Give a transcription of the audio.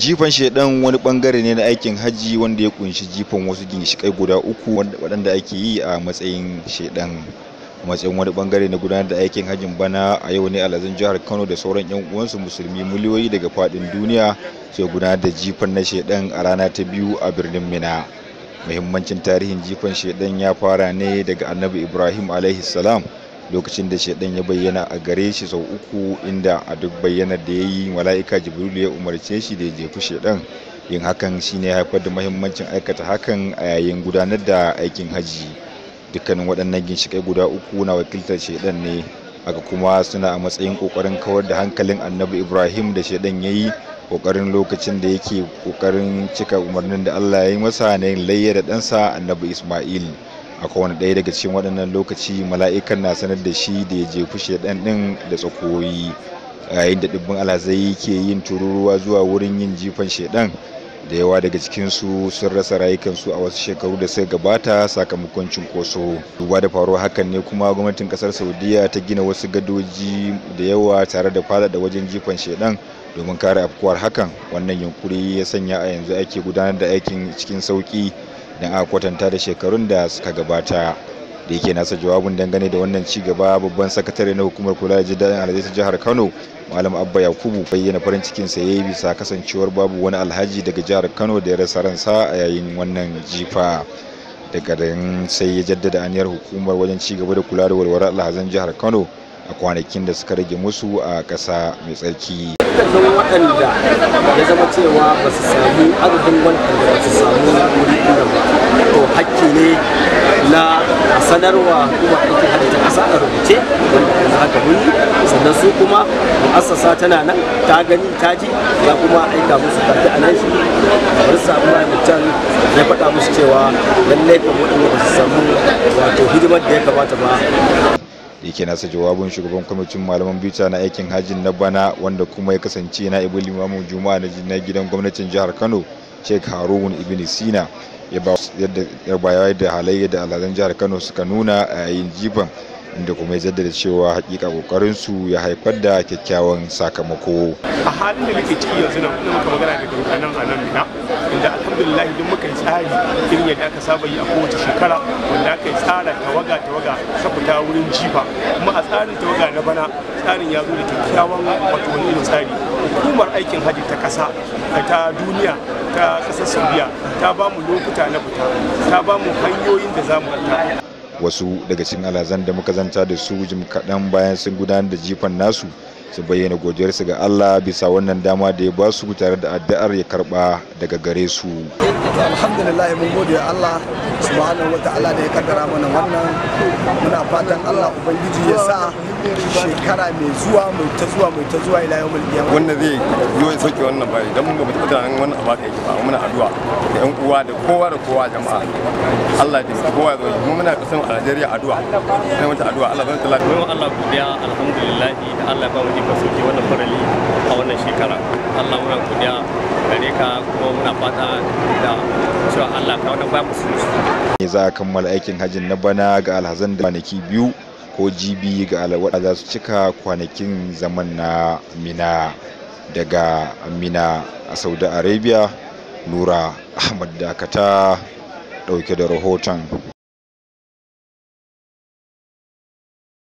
Jifan shaidan wani bangare ne na aikin haji wanda ya kunshi jifan wasu ginshikai guda uku waɗanda ake yi a matsayin shaidan. matsayin wani bangare na gudanar da aikin hajjin bana a yau ne alhazin jihar kano da sauran yan uwansu musulmi miliyoyi daga fadin duniya ke gudanar da jifan na shedan a rana ta biyu a birnin mina muhimmancin tarihin jifan shedan ya fara ne daga annabi ibrahim alaihi salam lokacin da shaidan ya bayyana a gare shi sau uku inda a duk bayyanar da ya yi mala'ika jibril ya umarce shi da ya jefi shaidan yin hakan shine haifar da mahimmancin aikata hakan a yayin gudanar da aikin hajji dukkanin waɗannan ginshiƙai guda uku na wakiltar shaidan ne aka kuma suna a matsayin ƙoƙarin kawar da hankalin annabi ibrahim da shaidan ya yi ƙoƙarin lokacin da yake ƙoƙarin cika umarnin da allah ya yi masa na yin layya da ɗansa annabi ismail a kowane ɗaya daga cikin waɗannan lokaci mala'ikan na sanar da shi da ya fushe ɗan ɗin da tsakoyi yayin da ɗibbin alhazai ke yin tururuwa zuwa wurin yin jifan shaidan da yawa daga cikin su sun rasa rayukansu a wasu shekaru da suka gabata sakamakon cunkoso duba da faruwa hakan ne kuma gwamnatin kasar saudiya ta gina wasu gadoji da yawa tare da fada da wajen jifan shaidan domin kare afkuwar hakan wannan yunkuri ya sanya a yanzu ake gudanar da aikin cikin sauki idan aka kwatanta da shekarun da suka gabata da yake nasa jawabin dangane da wannan ci gaba babban sakatare na hukumar kula da jidadin alhaji ta jihar kano malam abba yakubu bayyana farin cikin sa yayi bisa kasancewar babu wani alhaji daga jihar kano da ya rasa ransa a yayin wannan jifa daga nan sai ya jaddada aniyar hukumar wajen ci gaba da kula da walwalar alhazan jihar kano a kwanakin da suka rage musu a ƙasa mai tsarki. waɗanda ya zama cewa ba su samu adadin waɗanda ba su samu wuri hakki ne na a sanarwa kuma aiki ta ƙasa a rubuce wanda haka muni sannan su kuma mu'assasa tana nan ta gani ta ji ya kuma aika musu karfi a nan shi kamar samu can ya faɗa musu cewa lallai kamar waɗanda ba su samu wato hidimar da ya kamata ba ke nasa jawabin shugaban kwamitin malaman bita na aikin hajji na bana wanda kuma ya kasance na ibu limamin juma'a na gidan gwamnatin jihar kano sheikh harun ibn sina ya ba bayar da halayya da aladun jihar kano suka nuna a yayin jifan inda kuma ya jaddada cewa hakika kokarin su ya haifar da kyakkyawan sakamako a halin da muke ciki yanzu nan kuma muka magana da dukkanin a nan mina inda alhamdulillah idan muka yi tsari irin yadda aka saba yi a kowace shekara wanda aka yi tsara tawaga tawaga ta fita wurin jifa kuma a tsarin tawaga na bana tsarin ya zo da kyakkyawan wato wani tsari hukumar aikin hajji ta kasa ta duniya ta kasar saudiya ta ba mu lokuta na fita ta ba mu hanyoyin da za mu fita wasu daga cikin alazan da muka zanta da su jim kaɗan bayan sun gudanar da jifan nasu su bayyana godiyarsu ga Allah bisa wannan dama da ya ba su tare da addu'ar ya karba daga gare su. Alhamdulillah mun gode Allah subhanahu wata'ala da ya kaddara mana wannan muna fatan Allah ubangiji ya sa shekara mai zuwa mai ta zuwa mai ta zuwa ila yawmul qiyamah wannan zai yi wai soke wannan bai dan mun ba tunanin wannan abu kai ba muna addu'a da yan uwa da kowa da kowa jama'a Allah ya dinka kowa zo mu muna kasan a Najeriya addu'a sai ta addu'a Allah zai tsala mu Allah godiya alhamdulillah da Allah ya ba mu dinka soke wannan farali a wannan shekara Allah muna godiya gare ka kuma muna fata da cewa Allah ka wannan ba mu su ne za a kammala aikin hajjin na bana ga alhazan da kwanaki biyu ko jibi ga alawada za su cika kwanakin zaman na mina daga mina a saudi arabia nura ahmad dakata dauke da rahoton